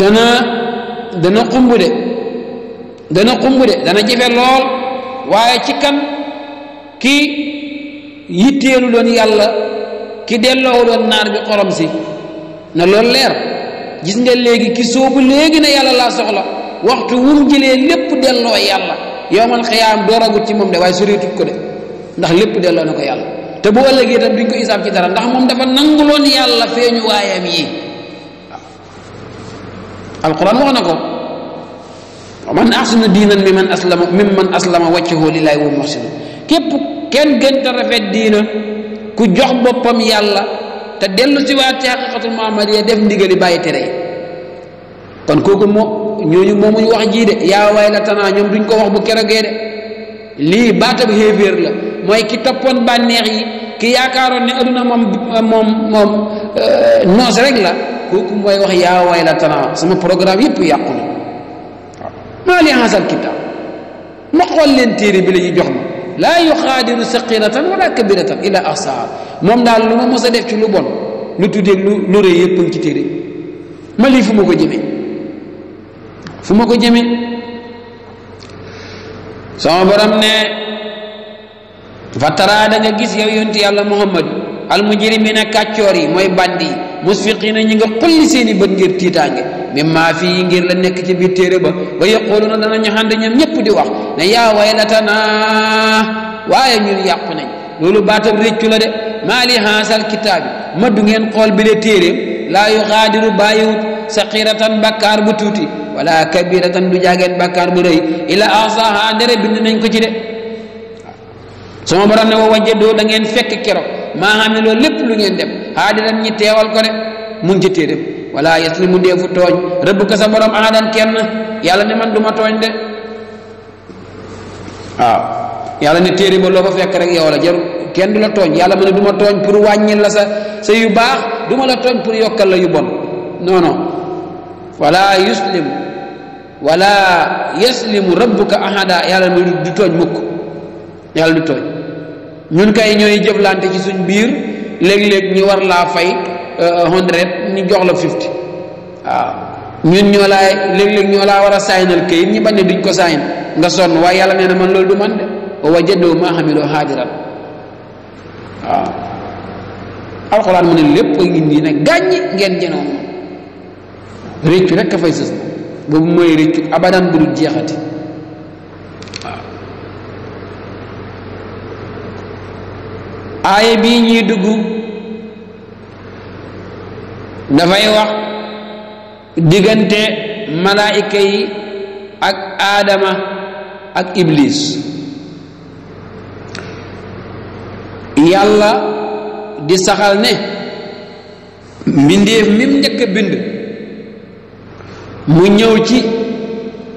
dana dana xumb de dana xumb de dana jafe lool waaye ci kan ki yitteelu doon yàlla ki delloowu doon naar bi xorom si na loolu leer gis nga léegi ki soobu léegi na yàlla laa soxla waxtu wum jëlee lépp delloo yàlla yowmal xiyaam dooragut ci moom de waaye soriitut ko de ndax lépp delloo na ko yàlla te bu ëllëgee te duñ ko isaab ci dara ndax moom dafa nanguloon yàlla feeñu waayam yi القران وخناكو ومن احسن دينا ممن اسلم ممن اسلم وجهه لله وهو محسن كيب كين گنت رافيت دينا كو جوخ بوبام يالا تا دلو سي وات حقيقه المعمريه ديف ديغلي باي تري كون كوكو مو ньо ญ و مومو واخ جي دي يا ويلتنا نيوم دنج كو واخ بو كيروغي دي لي باتاب هيفير لا موي كي توبون بانيخ يي كي ياكارون ني ادنا موم موم موم نوز رك لا kooku mooy wax yaa waylatanaa sama programme yëpp yàqu na maa li haasal kitaab ma xool leen téere bi lañuy jox ma laa yuxaadiru saqiratan wala kabiratan illa ahsaha moom daal lu ma mos def ci lu bon lu tuddee lu lu rëy yëpp ngi téere ma lii fu ma ko jëmee fu ma ko jëmee sama borom ne fa taraa da nga gis yow yonti yàlla muhammad al mujrimina kacori moy bandi musfiqina ñi nga xulli seeni i bët ngir tiitaange mimma fi ngir la nekk ci bi téere ba ba yaquluna dana ñu xànd ñam ñëpp di wax ne ya waylatana waye ñu yàqu nañ lolu baatab reccu la de mali hasal kitab ma du ngeen xol bi le bayut saqiratan bakar bu tuti wala kabiratan du jagen bakar bu ila azaha dere bind nañ ko ci de sama borom ne wo da ngeen fekk ma xam lo lepp lu ngeen di xaadiran ñi teewal ko rek mu ngi ci wala yaslimu defu togn rebb ko sa borom aadan kenn yalla ne man duma togn de ah yalla ne téere ba lo fa fekk rek yow la jaru kenn du la tooñ yàlla mu ne duma togn pour wañil la sa sa yu bax duma la togn pour yokal la yu bon non non wala yuslim wala yaslimu rabbuka ahada yàlla du togn mukk yalla du togn ñun kay ñooy jëflante ci suñ biir léeg-léeg ñu war laa fay euh, hundred ñu jox la fifty waaw ñun ñoo laay léeg-léeg ñoo laa war a saynal kayit ñi bañ ne duñ ko sayn nga sonn waaye yàlla nee na man loolu du man de wa wajadoo maa xamiloo xaadiran waaw alxuraan mu ne lépp a indi ne gàññi ngeen jenoom réccu rek a fay sës boobu mooy réccu abadan bu dul jeexati aaya bii ñuy dugg dafay wax diggante malaayika yi ak aadama ak ibliis yàlla di saxal ne mbindeef mim njëkk a mu ñëw ci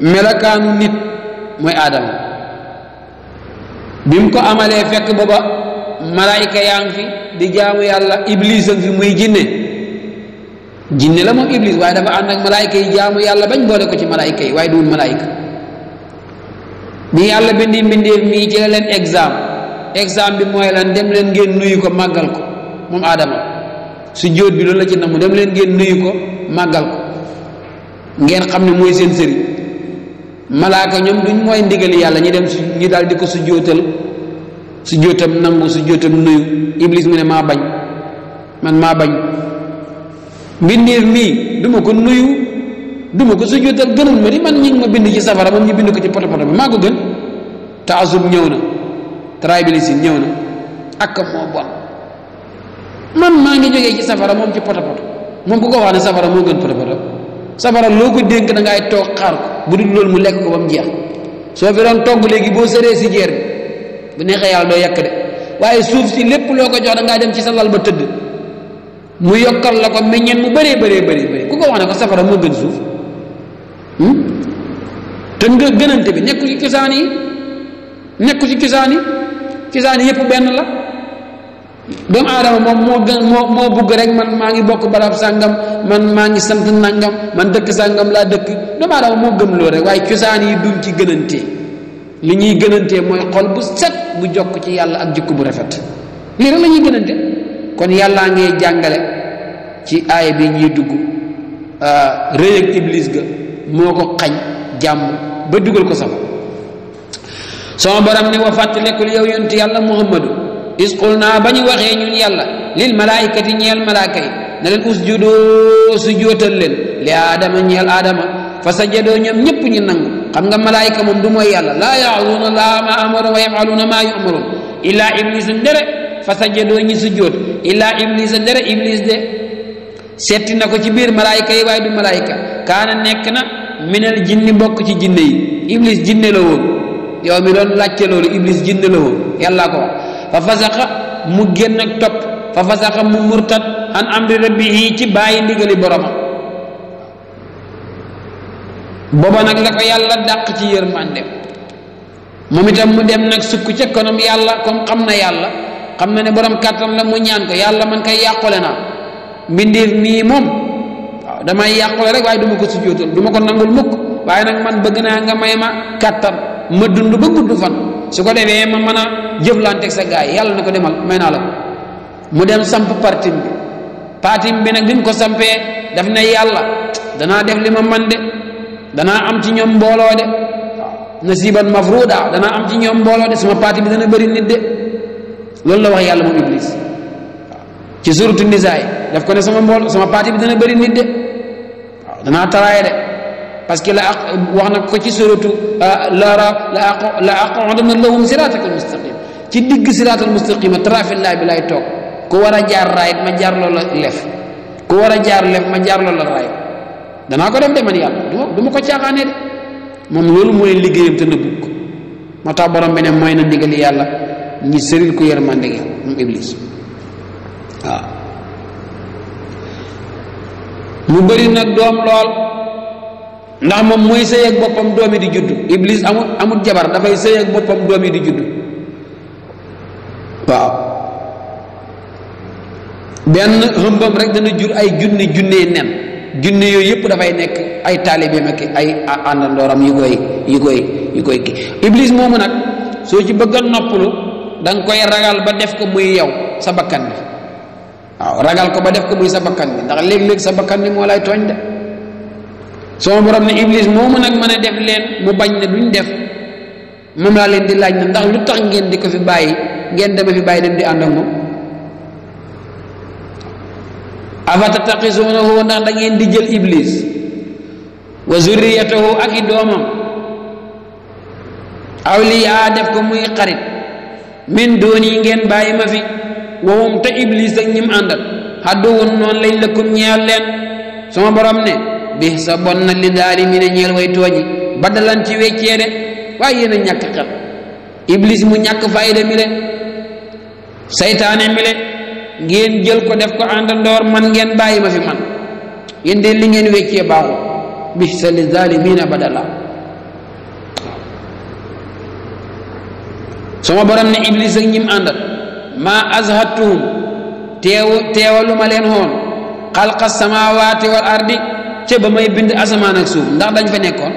melakaanu nit mooy aadama bi mu ko amalee fekk booba malaayika yaa ngi fi di jaamu yàlla iblis ak fi muy jinne jinne la moom iblis waaye dafa ànd ak malaayika yi jaamu yàlla bañ boole ko ci malaayika yi waaye duwul malaayika bi yàlla bindi mbindeef mii ci la leen exam exam bi mooy lan dem leen ngeen nuyu ko màggal ko moom aadama su jóot bi loolu la ci mu dem leen ngeen nuyu ko màggal ko ngeen xam ne mooy seen sëriñ malaaka ñoom duñ mooy ndigali yàlla ñi dem su ñi daal di ko su jóotal su jotam nangu su jotam nuyu iblis mu ne maa bañ man maa bañ mbindeef mii duma ko nuyu duma ko su jotal ma di man ñi ma bind ci safara moom ñu bind ko ci poto poto bi maa ko gën taasub ñëw na tribalisme ñëw na ak moo bon man maa ngi jógee ci safara moom ci poto poto moom ku ko wax ne safara moo gën poto poto safara loo ko dénk da ngay toog xaar ko bu dul loolu mu lekk ko ba mu jeex soo fi doon togg léegi boo sëree si jeer bi bu nexe yalla do yak de waye suuf si lepp loko jox da nga dem ci sa lal ba teud mu yokal lako ko mu bari bari bari bari ku ko wax ne ko safara moo gën suuf hmm? te nga gënante bi nekku ci cosaan nekku ci cosaan yi yep ben la do adam mom mo gën mo bugg rek man mangi ngi bokk barab man maa ngi sant nangam man dekk sangam la dekk do adam mo gëm lo rek waye cosaan yi duñ ci gënante li ñuy gënantee mooy xol bu set bu jokk ci yàlla ak jikko bu rafet lii rek la ñuy gënante kon yàllaa ngay jàngale ci aaya bi ñuy dugg euh, rëy ak iblis ga moo ko xañ jàmm ba dugal ko sama sama borom ne wa fàttalikul yow yonent yàlla muhammadu is qul naa ba ñu waxee ñun yàlla lil malaayikati ñeel malaaka yi na leen usjudu sujjóotal leen li aadama ñeel aadama fa sajadoo ñoom ñëpp ñu nangu xam nga malaayika moom du mooy yàlla laa yaaluuna laa ma amara wa yafaluuna maa yumaroon illaa iblisa ndere fa sajadoo ñi sujjoot illaa iblisa ndere iblis de setti na ko ci biir malaayika yi waaye du malaayika kaana nekk na minal jinni bokk ci jinne yi iblis jinne la woon yow mi doon laajte loolu iblis jinne la woon yàllaa ko wax fa fasaxa mu génn topp fa fasaxa mu murtat an amri rabbihi ci bàyyi ndigali boroma booba nag la ko yàlla dàq ci yërmandem moom itam mu dem nag sukk ca kanam yàlla comme xam na yàlla xam na ne borom kàttan la mu ñaan ko yàlla man kay yàqule naa ni mom moom waaw damay yàqule rek waaye duma ko sujjootal duma ko nangul mukk waaye nag man bëgg naa nga may ma kàttan ma dund ba gudd fan su ko defee ma mën a jëflanteeg sa gaay yàlla na demal may la mu dem samp partim bi partim bi nag bi mu ko sampee daf ne yàlla danaa def li man de danaa am ci ñoom mbooloo de nasiban mafruda danaa am ci ñoom mbooloo de sama parti bi dana bëri nit de loolu la wax yàlla moom iblis ci suratu nisaay daf ko ne sama mbool sama parti bi dana bëri nit de waaw danaa taraaye de parce que la aq wax na ko ci suratu euh, la la la aqodanna lahum siratakal mustaqim ci digg siratal mustaqima trafillah bi lay toog ku war a jaar raayit ma jaar loola lef ku war a jaar lef ma jaar loola raayit danaa ko dem de man yàlla du du ma ko caaxaanee de mom loolu moy liggéeyam te nëbbu ko moo borom benen moy na ndigali yalla ni seril ko yermande ngi mom iblis waaw mu bari nak dom lol ndax mom moy sey ak bopam domi di judd iblis amul amul jabar da fay sey ak bopam domi di judd wa ben xëmbam rek dana jur ay junni junne nen junne yep da fay nek ay talibé mak ay andandoram yu koy yu koy yu koy iblis momu nak so ci dan noppulu dang koy ragal ba def ko muy yow sa bakkan bi waaw ragal ko ba def ko muy sa bakkan bi ndax leg leg sa bakkan bi mo lay togn de so borom ni iblis momu nak mën def leen mu bañ ne duñ def moom laa len di laaj ndax lu tax ngeen di ko fi bayyi ngeen dama fi bayyi len di andam afatattaqisuunahu ndax da ngeen di jël iblis wa zurriyatahu ak i doomam awliyaa def ko muy xarit min doon yi ngeen bàyyi ma fi wowum te iblis ak ñim àndal xadduwun noonu lañ lëkkum ñeel leen sama borom ne bi sa bon na li daali mi ne ñeel way tooñi badalan ci weccee de waaye yéen a xel iblis mu ñàkk fayda mi le saytaane mi le ngeen jël ko def ko àndandoor man ngeen bàyyi ma fi man yéen de li ngeen weccee baaxul bisa li zaalimiina badala sama borom ne iblis ak ñim àndal maa azhattuhum teewu teewalu ma leen xoon xalqa samawaati wal ardi ca ba may bind asamaan ak suuf ndax dañ fa nekkoon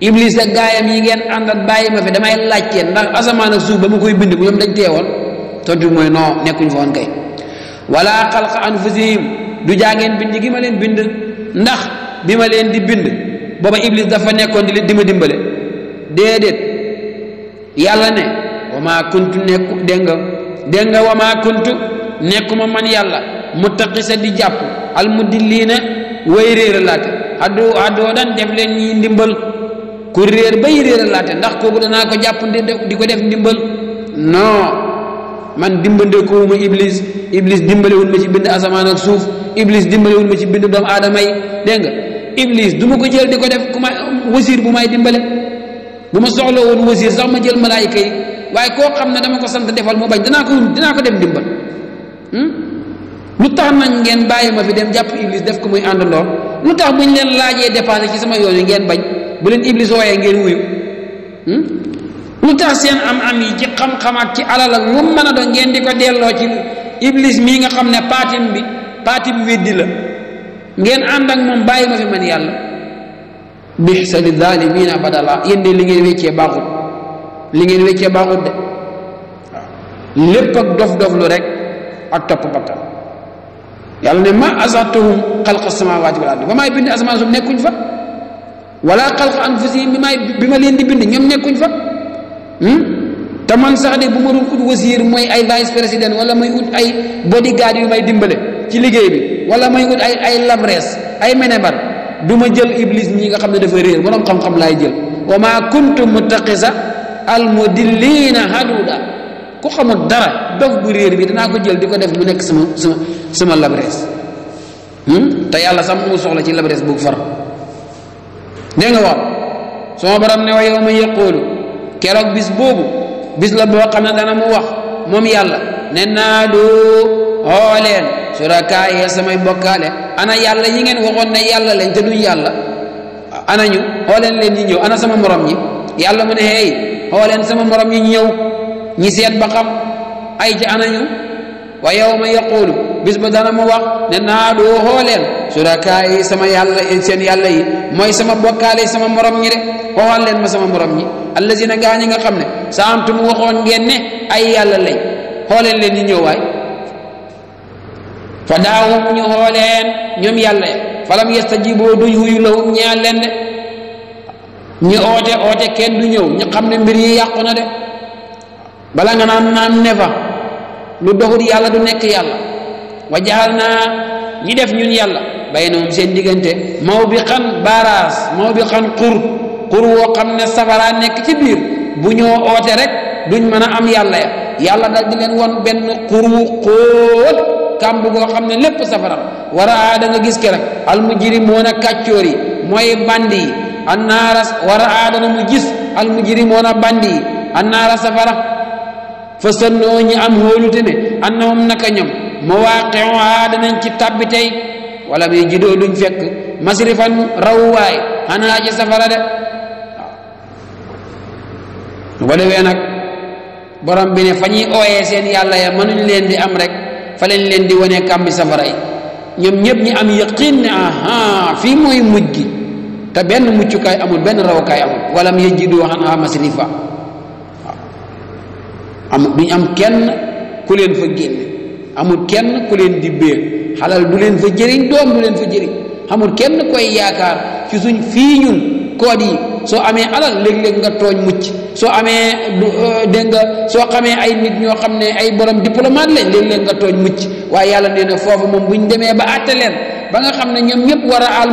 iblis ak gaayam yi ngeen àndan bàyyi ma fi damay laajte ndax asamaan ak suuf ba mu koy bind bu ñoom dañ teewoon tontu bi mooy non nekkuñ fa woon kay wala xalqa anfusihim du jaageen bind gi ma leen bind ndax bi ma leen di bind booba iblis dafa nekkoon di leen di ma dimbale déedéet yàlla ne wamaa kuntu nekku dégg nga man yàlla mu taqisa di jàpp al mudilliina way réer laate addu addoo leen ñi ndimbal ku réer bay réer laate ndax kooku danaa ko jàpp di ko def ndimbal non man dimbandeekowuma iblis iblis dimbalewul ma ci bind asamaan ak suuf iblis dimbalewul ma ci bind doomu aadama yi dégg nga iblis du ma ko jël di ko def ku ma wasiir bu may dimbale bu ma soxla woon wasiir sax ma jël malaayika yi waaye koo xam ne dama ko sant defal mu bañ dinaa ko dinaa ko dem dimbal hmm? lu tax nañ ngeen bàyyi ma fi dem jàpp iblis def ko muy ànd àndandoor lu tax buñ leen laajee dépenser ci sama yoon yi ngeen bañ bu leen iblis wooyee ngeen lu tax seen am-am yi ci xam-xam ak ci alal ak lu mën a doon ngeen di ko delloo ci iblis mii nga xam ne paatim bi paatim weddi la ngeen ànd ak moom bàyyi ma fi man yàlla bixsa li zalimina badala yéen de li ngeen weccee baaxut li ngeen weccee de waaw lépp ak dof-dof lu rek ak topp bakkan yàlla ne ma azatuhum xalqa samawati wal ardi ba maay bind asamaan suuf nekkuñ fa wala xalqa anfusihim bi maay bi ma leen di bind ñoom nekkuñ fa Hmm? te man sax de bu ma doon ut wasiir mooy ay vice président wala may ut ay bodyguard yu may dimbale ci liggéey bi wala may ut ay ay lamrees ay menebar du ma jël iblis ñi nga xam ne dafa réer borom xam-xam laay jël wa ma kuntu muttaqisa almudillina haduda ku xamul dara dog bu réer bi danaa ko jël di ko def mu nekk sama sama sama labrees hmm? te yàlla sax mu soxla ci labrees bu far dégg nga wax sama borom ne wa yow ma yaqulu keroog bis boobu bis la boo xam ne dana mu wax moom yàlla ne naa du oo leen surakaa yee samay bokkaale ana yàlla ñi ngeen waxoon na yàlla leen te duñ yàlla ana ñu oo leen leen ñi ñëw ana sama morom ñi yàlla mu ne hey oo leen sama morom ñi ñëw ñi seet ba xam ay ci ana ñu wa yawma yaqulu bis ba dana mu wax ne naa doo xooleen surakaa yi sama yàlla seen yàlla yi mooy sama bokkaale sama moroom ñi de waxoon leen ma sama morom ñi allazina gaa ñi nga xam ne saamtum waxoon ngeen ne ay yàlla lay xooleen leen di ñëw waay daa daawum ñu xooleen ñoom yàlla ya falam yastajiboo duñ wuyu lahum ñeel leen de ñi oote oote kenn du ñëw ñu xam ne mbir yi yàqu na de bala nga naan naan ne fa lu doxul yàlla du nekk yàlla wa jaxal naa ñi def ñun yàlla bay na moom seen diggante maw bi xan baaraas maw bi xan xur xur woo xam ne safara nekk ci biir bu ñu oote rek duñ mën a am yàlla ya yàlla dal di leen woon benn xur wu xóot kàmb goo xam ne lépp safara waraa da nga gis ke rek al mujrimoon a kàccoor yi mooy bandi yi annaara waraa dana mu gis a bandi yi annaara safara fa sannoo ñi am hóolute ne annahum naka ñoom mawaaqiuha danañ ci tabbi tey wala muy jidoo duñ fekk masrifan rawwaay xanaa ci safara de waaw bu nag borom bi ne fa ñuy ooyee seen yàlla ya mënuñ leen di am rek fa lañ leen di wane kàmbi safara yi ñoom ñëpp ñi am yaqin ne aha fii mooy mujj gi te benn muccukaay amul benn rawukaay amul wala mu yajidoo xanaa masrifa waaw duñ am kenn ku leen génne amul kenn ku leen dibbee xalal du leen fa jëriñ doom du leen fa jëriñ amul kenn koy yaakaar ci suñ fii ñun kood yi soo amee alal léeg-léeg nga tooñ mucc soo amee euh, dégg nga soo xamee ay nit ñoo xam ne ay borom diplomate lañ léeg-léeg nga tooñ mucc waaye yàlla nee na foofu moom bu ñu demee ba àtte leen ba nga xam ne ñoom ñëpp war a al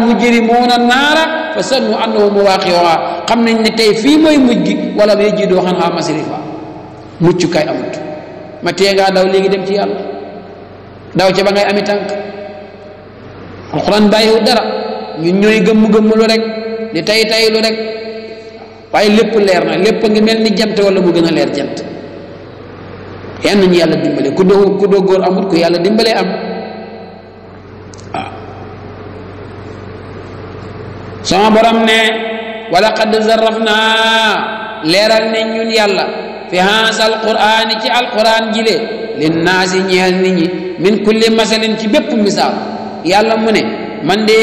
a naara fa sannu annahu muwaaqi'uhaa xam nañ ne tey fii mooy mujj gi wala bay jidoo xan xaa masrifa mucc kay amut ma tee daw léegi dem ci yàlla daw ca ba ngay ami tànk alquran bàyyiwu dara ñun ñooy gëmm-gëmm rek di tay tay rek waaye lépp leer na lépp a ngi mel ni jant wala mu gën a leer jant yan nañu yàlla dimbale ku doo ku doo góor amut ku yàlla dimbalee am waaw sama borom ne wala qad zarraf naa leeral ne ñun yàlla fi haasa alqur'aani ci alqur'aan jile linnaasi ñeel nit ñi min kulli masalin ci bépp misaal yàlla mu ne man de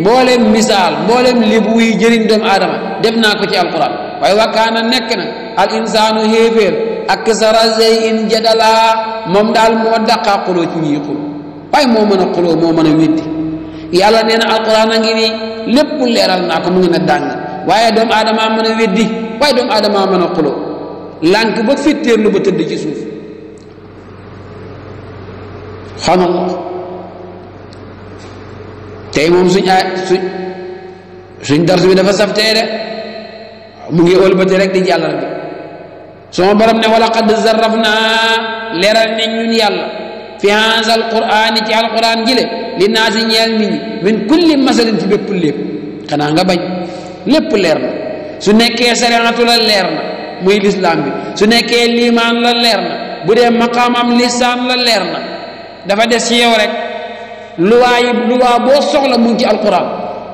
mbooleem misaal mbooleem li buy jëriñ doomu aadama def naa ko ci alqur'aan waaye wakkaana nekk na al insaanu xéeféer ak sara zey in jadalaa moom daal moo daqaa xuloo ci ñuy xul waaye moo mën a moo mën weddi yàlla nee na alqur'aan a ngi nii lépp naa ko mu ngi ne dàng waaye doomu aadamaa mën a weddi waaye doomu aadamaa mën a lank ba fittéerlu ba tëdd ci suuf subhaanallah tey moom suñ a suñ suñ darsu bi dafa saftee de mu ngi wëlbati rek di jàll bi sama borom ne wala qad zarraf naa leeral ne ñun yàlla fi haza alquraan ci alquraan jile li naa si ñeel ñi min kulli masalin bépp lépp xanaa nga bañ lépp leer su nekkee sariatu la leer muy lislaam bi su nekkee liimaan la na bu dee maqaamam lisaan la leer na dafa des ci yow rek luwaa yi luwaa boo soxla mu ngi ci alquran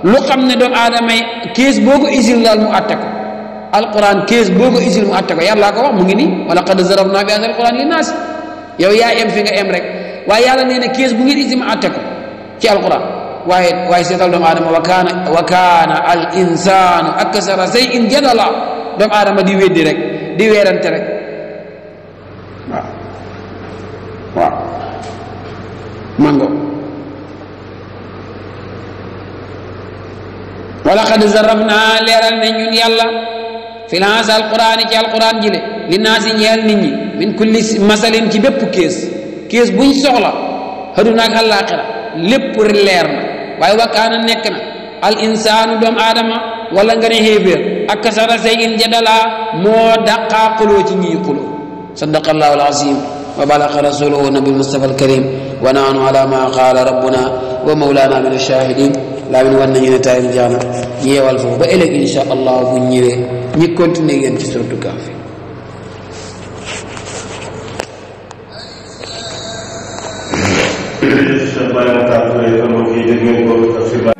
lu xam ne doomu aadama yi kees boo ko isil laal mu atte ko alquran kees ko mu wax mu ngi nii wala qad zarabnaa bi haazal quran li naas yow yaa em fi nga em rek waaye yàlla nee na kees bu ngeen isil mu atte ci alquran waaye seetal doomu aadama wa kaana wa kaana al insaanu jadala doomu aadama di weddi rek di weerante rek waaw waaw mango wala xad zarrafna leeral ne ñun yàlla filance alquran ci alquran jile li naa si ñeel ñi min kulli masalin ci bépp kees kees buñ soxla aduna ak àllaaxira lépp leer na waaye wakkaana nekk na al doomu aadama wala nga ne xéeféer akasara sayin jadala moo daqaa xuloo ci ñii xuloo صدق الله العظيم وبلغ رسوله النبي المصطفى الكريم ونحن على ما قال ربنا ومولانا من الشاهدين لا من ون ينتا الجانا يوالف بإلك إن شاء الله بنيوي ني كونتيني ген في سورة الكافر Thank you.